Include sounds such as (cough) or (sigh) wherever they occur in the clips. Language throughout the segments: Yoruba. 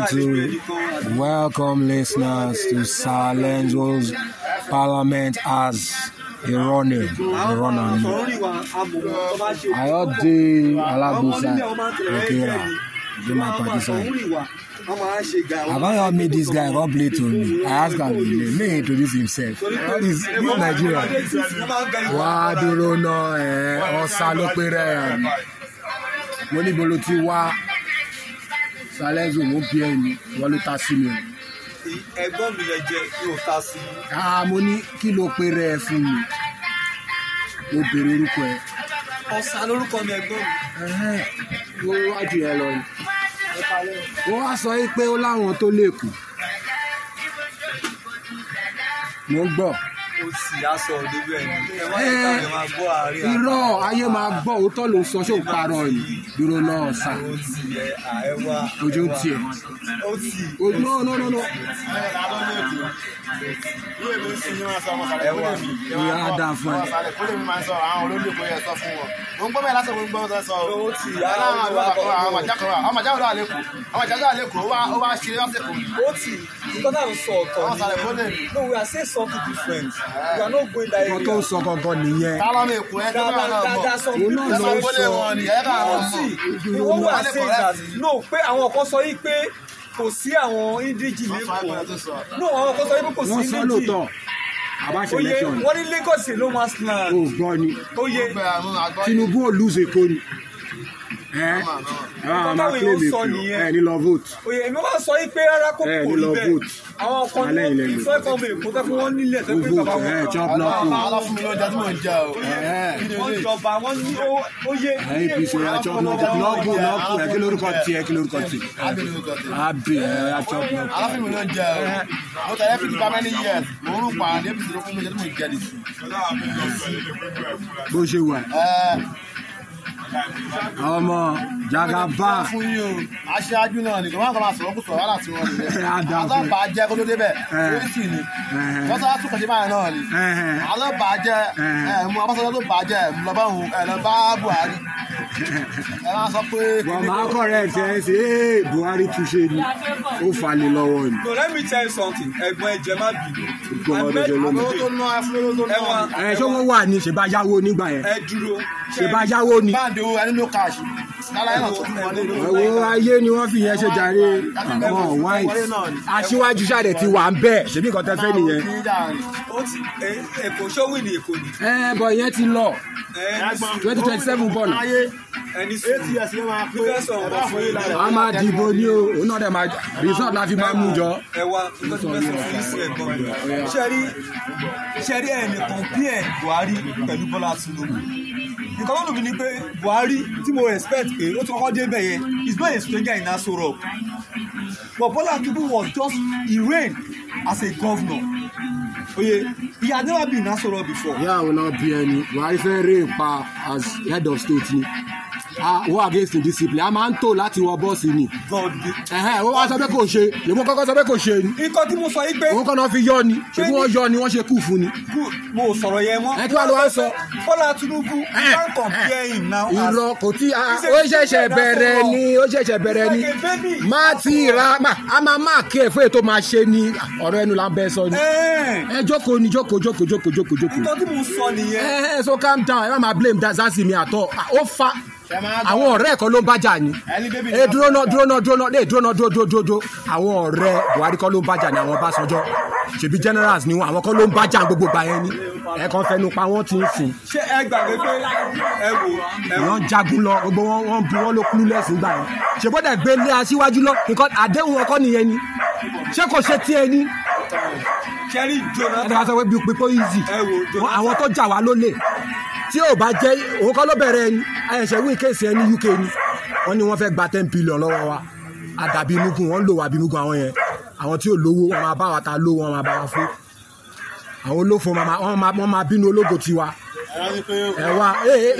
welcome to welcome listeners to Salenzo's Parliament as a runner, a running. Ayọ̀dé Alágbèsà Have I not made this guy rub late me? I ask am the name. introduce himself. All is this Nigeria. Wàá dúró náà ẹ̀ ọ̀sán ló pé rẹ̀ mo sálẹ̀ zò wọ́n bí ẹni wọ́n ló ta sí mi o. ẹ̀gbọ́n mi lè jẹ kí o ta sí. aa mo ní kí ló pe rẹ fún mi mo béèrè orúkọ ẹ. ọ̀sà lórúkọ mi ẹ̀gbọ́n mi. mo wájú ẹ lọ ni. ó wá sọ pé ó láwọn tó lè kù. mo ń gbọ́ ó sì aṣọ òdodo ẹ̀ ní. irọ́ ayé máa gbọ́ òótọ́ ló sọ ṣé ò parọ́ yìí dúró náà sà. ojú tiẹ̀. ojú tiẹ̀. ojú náà náà náà ìyá àdàfọ ẹ. ó lè mi máa ń sọ àwọn olóyè kò yẹ sọ fún wọn. mo ń gbọ́ bẹ́ẹ̀ lásìkò gbọ́ sọ sọ. owó ti ìyá àwọn àgbàkọ́ àwọn àjàkọ́ àwọn àjàkọ́ lọ́wọ́ lẹ́kọ̀ọ́ àwọn àjàkọ́ lọ́wọ́ lẹ́kọ̀ọ́ ó wá ṣe lásìkò. ó ti nǹkan náà ń sọ ọ̀tọ̀ ni no we are saying something different we are not going that area. nǹkan tó ń sọ kankan nìyẹn. tálọ́ mi kú ẹ dábàá náà bọ̀ òun náà ló ń sọ ìwọ́n wà sí ìgbà no pé àwọn kan sọ yìí pé kò sí àwọn indíjì lẹ́kọ̀ọ́ ní àwọn ọkọ̀ sọ pé kò sí indíjì. wọ́n sọ lóòótọ́ àbá ṣe election ni. wọ́n ní Lagos ló máa slant. o gbọ́ ni Tinubu ò lùzẹ̀ kó ni. Eh? ah, ẹ àwọn máa claim ìpè ẹ ní lọ vote. òye èmi wá sọ pé rárá kó kò rí eh, bẹ́ẹ̀ àwọn ọkọ ní ìfẹ́ kan bẹ̀ kó fẹ́ kí wọ́n nílẹ̀ tó pé bàbá eh, wọn. ẹ jọ block o. aláfúnmilọ jáde mọ̀ já o. wọ́n jọba wọ́n ní oyè. ẹ bí ṣe àjọ block lọ́ọ̀bù lọ́ọ̀bù ẹ kí lórúkọ tiẹ kí lórúkọ tiẹ. àbí ẹ àjọ block. aláfúnmilọ já o. mo tẹ̀lé fi nípa mẹ́ni yẹ mo rún pa àdébìsì lókun mi jáde mọ̀ jáde. bó ṣe wà ọmọ jagaba. aṣáájú náà nìkan wọn kàn máa sọ̀rọ̀ kó sọ̀rọ̀ láti wọn nìyẹn alọ́bàá (laughs) jẹ́ kó tó débẹ̀ eh. oríṣi ni eh. wọ́n sọ láti kọ̀ṣẹ́ báyìí náà ni alọ́bàá eh. jẹ́ ẹ̀mú abọ́sọ̀rọ̀ tó bàá jẹ́ òun ẹ̀lọ́ Buhari (laughs) ẹ máa sọ pé. wọ́n máa kọ́ rẹ̀ ẹ ṣe é Buhari túnṣe ni ó falẹ̀ lọ́wọ́ ni. no let me tell you something ẹ̀gbọ́n ẹ̀jẹ̀ má bì í. ẹ̀ ṣé wọ́n wà ní ṣèbáyáwó nígbà yẹn. ẹ dúró. ṣèbáyáwó ni. báńd de o ẹni ló káàṣì lára ẹ̀rọ tó mọ lé lórí. ẹ̀wọ́ ayé ni wọ́n fi yẹn ṣe jàre àwọn white aṣíwájú ṣàdẹ̀ ti wà ń bẹ̀ ṣèbí nǹkan tẹ fẹ́ nìyẹn. èkó ṣówì ni èkó ni. ẹ bọ yẹn ti lọ twenty twenty seven bọ̀nà. ẹni sùn a máa dìbò ní o òun náà dẹ̀ máa resort la fi máa mú jọ. ẹwà nǹkan tó fẹ́ bí ẹ̀ Buhari pẹ̀lú Bọ́lá Tinubu nǹkan tó dùn mí ni pé Buhari tí mo respect pé ó ti kọ́kọ́ dé bẹ̀ yẹn is not a stranger in Aso Rock but Bola Tinubu was just he reigned as a governor oye he had never been in Aso Rock before. ìyá àwọn náà bí ẹni buhari fẹ́ rèé pa as head of state ni go ah, against discipline a máa ń tò láti wọ bọ́ọ̀sì ni ó wá sọ pé kò ṣe èmi kọ́kọ́ sọ pé kò ṣe ni ikọ̀ tí mo sọ yìí pé òun kọ́ náà fi yọ ni ṣùgbọ́n wọ́n yọ ni wọ́n ṣe kú fún ni. mo ò sọ̀rọ̀ yẹn mọ́ ẹ kí wàá ló wá sọ. Bọ́lá Tinubu can't compare him now. ìlọ kò tí ó ṣẹ̀ṣẹ̀ bẹ̀rẹ̀ ni ó ṣẹ̀ṣẹ̀ bẹ̀rẹ̀ ni má ti ra a máa má kí ẹ̀ fún ètò máa ṣe ni ọ̀rọ̀ ẹnu là ń bẹ sọ ni ẹ jókòó ni jókòó jókòó jókòó jókòó jókòó. ìtọ́jú mo sọ nìyẹn. ẹ ẹ so calm down ẹ má máa blame Dazzy mi àtọ ah, ó fa àwọn ọ̀rẹ́ ẹ̀kọ́ ló ń bájà ni ẹ eh, dúró náà dúró náà dúró náà lè eh, dúró náà dúró dúró dúró àwọn ọ̀rẹ́ buhari kọ́ ló ń bájà ni àwọn Ọbásanjọ́ ṣèbí generals ni wọn àwọn kọ́ ló ń bájà gbogbo gbà yẹn ni ẹ kàn fẹnu pa wọn ti ń sìn. ṣé ẹ gbàgbé pé ẹ wò. wọn jagun lọ gbogbo wọn wọn bu wọn ló kú lẹ́sìn gbà yẹn ṣèbọ́dà gbé lé aṣíwájú lọ nǹkan àdéhùn ọkọ nìyẹn ni ṣé kò ṣe tiẹ̀ ni ṣẹ́rí jonathan. ẹ̀ka sọ pé bí pípọ́ easy àwọn tó jà wá lólè tí ò bá jẹ́ òun kọ́ ló bẹ̀rẹ̀ ẹni ẹ̀ṣẹ̀ wí ẹni UK ni wọ́n ní wọ́n fẹ́ gba ten billion lọ́wọ́ wa àdàbí inúkun wọ́n ń lò wá bínúkun àwọn yẹn àwọn tí ò lówó wọn máa bá wa ta lówó wọn máa bá wa fún àwọn olófo wọn máa bínú ológo tiwa ẹ wá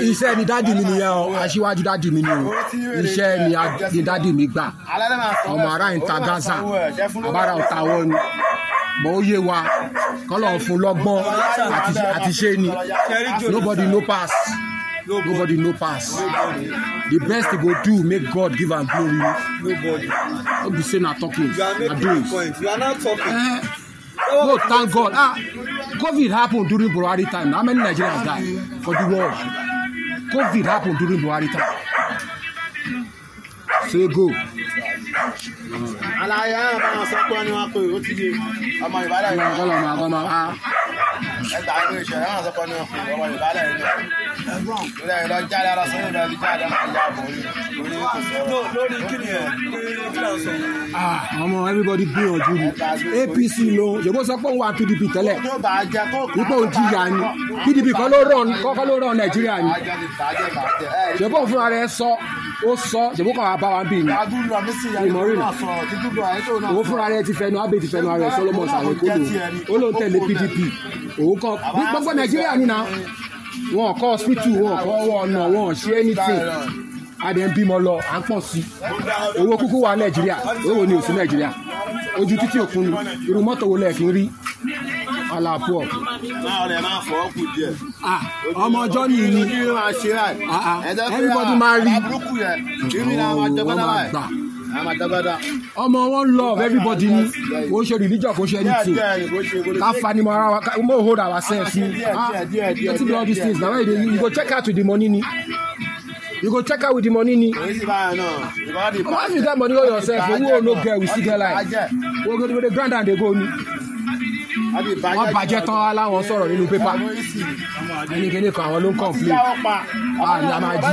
iṣẹ́ ni dádì mi nìyẹn o aṣíwájú dádì mi ni o iṣẹ́ ni dádì mi gbà ọmọ ará ìta Gaza àbára ọ̀tá wọn ni bọ́ ó yé wa kọ́lọ̀ fún lọ́gbọ́n àti ṣe ni nobody no pass nobody no pass the best he go do make God give am glory no be say na talking na doings no thank God ah COVID happen during Buhari time how many Nigerians die for the world COVID happen during Buhari time say so go àlàyé ẹ̀ bá wọn sọ pé ẹni wọn pé ti yé ọmọ ìbàdàn ìbàdàn ẹgbàá ló ṣe ẹ̀rọ àṣọpọ̀ ní ọmọ yorùbá lẹ́yìn náà lórí ẹ̀rọ jáde ara sọ́yìn ìbẹ̀rẹ̀ ti jáde ara ìyá àbọ̀ orí lórí kíni ẹ ah, ọmọ everybody gbìyànjú ni apc ló yòókù sọ pé òun wà pdp tẹ́lẹ̀ ipò òjìyà ni pdp kọ́ ló rọ̀ kọ́ ló rọ̀ nàìjíríà ni yòókù fúnra rẹ̀ sọ ó sọ yòókù kọ́ wa bá wa bì ní ìmọ̀rìnà òun fúnra rẹ̀ ti fẹnu abẹ́ ti fẹnu ara ẹ̀ sọ́lọ́mọ̀ sàrẹ́kọ́lò ó lóun tẹ̀lé pdp òun òun kọ ní gbogbo nàìjíríà nínà wọn kọ hospital wọn kọ ọwọ ọ̀nà wọn ṣe anything adé ń bímọ lọ à ń pọ̀ sí owó kúkú wà nàìjíríà owó ni òsì nàìjíríà ojú títí òkun ni irú mọ́tò wo lẹ́ẹ̀kì ń rí àlàpọ̀. ọmọ ọjọ́ ni ìní everybody máa rí wọ́n máa gbà ọmọ one love everybody ni kò ṣe religion kò ṣe anything ká fanimọra wa ká mo hold ourselves ni ah wetin be all these things na why you go check out with the money ni you go check out with the money ni once you get money go yourself owo no get we still get life we go dey grind am dey go ni wọ́n bàjẹ́ tán aláwọn sọ̀rọ̀ nínú pépà ẹnikẹ́ni kan àwọn ló ń kọ̀ǹflé ah, a máa jí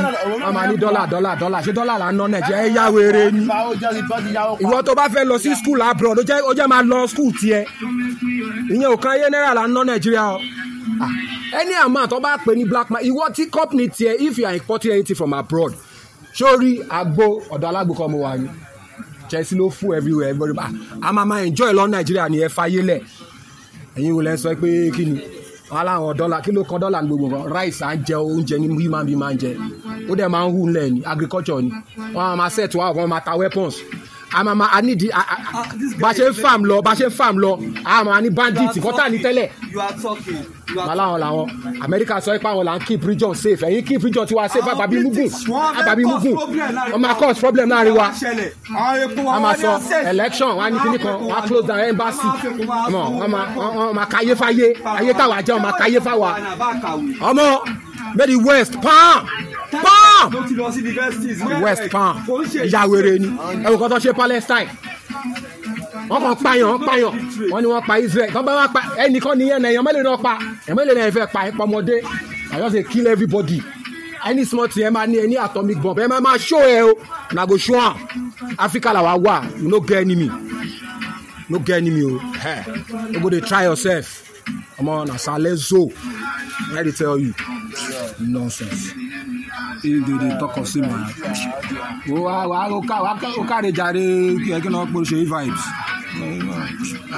a máa ní dọ́là dọ́là dọ́là ṣé dọ́là là ń ná nàìjíríà ẹ yá wéré ni ìwọ tó bá fẹ́ lọ sí skul abroad ó jẹ́ máa lọ skul tiẹ̀ ìyẹn ò kan ayé náírà là ń ná nàìjíríà o ah, any amount tó bá pè ní black man ìwọ tí company tiẹ̀ if you are importing anything from abroad sórí agbo ọ̀dọ̀ alágbèkọ́ mo wà ní Chelsea ló fún everywhere everybody ah, a máa enjoy lọ nàìjíríà ni ẹ fayé lẹ̀ ẹ̀yin wo lẹ́ sọ pé kí ni aláwọn dọ́là kí ló kan dọ́là gbogbo nǹkan rice à ń jẹ oúnjẹ ní human being máa ń jẹ ó dẹ̀ máa ń hù ńlẹ̀ ní agriculture ni wọ́n á máa set wá wọ́n máa ta weapons àmà ma a nídìí bá ṣe ń fàm lọ bá ṣe ń fàm lọ àmà ní bandit kọ́tà ní tẹ́lẹ̀ màláwọn làwọn amẹ́ríkà sọ pé àwọn là ń keep region safe ẹ̀yin keep region tiwa safe àbàbí mugun àbàbí mugun wọ́n máa cause problem láàrin wa wọ́n máa sọ election wọ́n á ní kíní kan wọ́n á close down embassy wọ́n máa káyé fáyé ayé táwa jẹ́ wọ́n máa káyé fáwa ọmọ made the west palm. Palm West Palm ìyàwèrè ni ẹ̀wù kan tó ṣe Palestine wọ́n kàn pààyàn pààyàn wọ́n ní wọ́n pa Israel tó bá wà pa ẹnìkan nìyẹn ẹ̀yàn mélòó náà pa ẹ̀yàn mélòó náà fẹ́ pa ẹ̀pọ̀ ọmọdé I just dey kill everybody any small thing ẹ máa ní ẹ ní atomic bomb ẹ máa máa show ẹ o na go show am Africa làwa wà you no get enemy no get enemy o you go dey try yourself ọmọ na salezo i dey tell you nonsense dèdè tọkọ sí mi ó káre jàre kí ló ń pọ̀ ṣe vibes.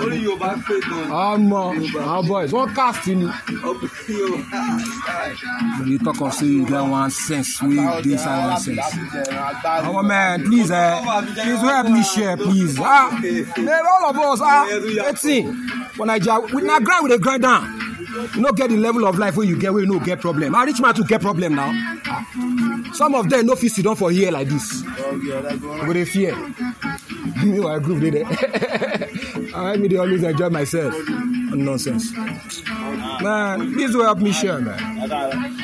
orí yorùbá pé gan. ọmọ àwọn boys wọn cast ni. dèdè tọkọ sí get one sense wey dey silent sense. ọmọ man please eh, please help me share please ah all of us ah eighteen for naija na grind we dey grind down. no get the level of life where you get where you no get problem and ah, rich man to get problem now some of them no fit sit down for here like this go dey fear (laughs) meanwhile group dey there i (laughs) ah, me dey always enjoy myself nonsense man please will help me share man.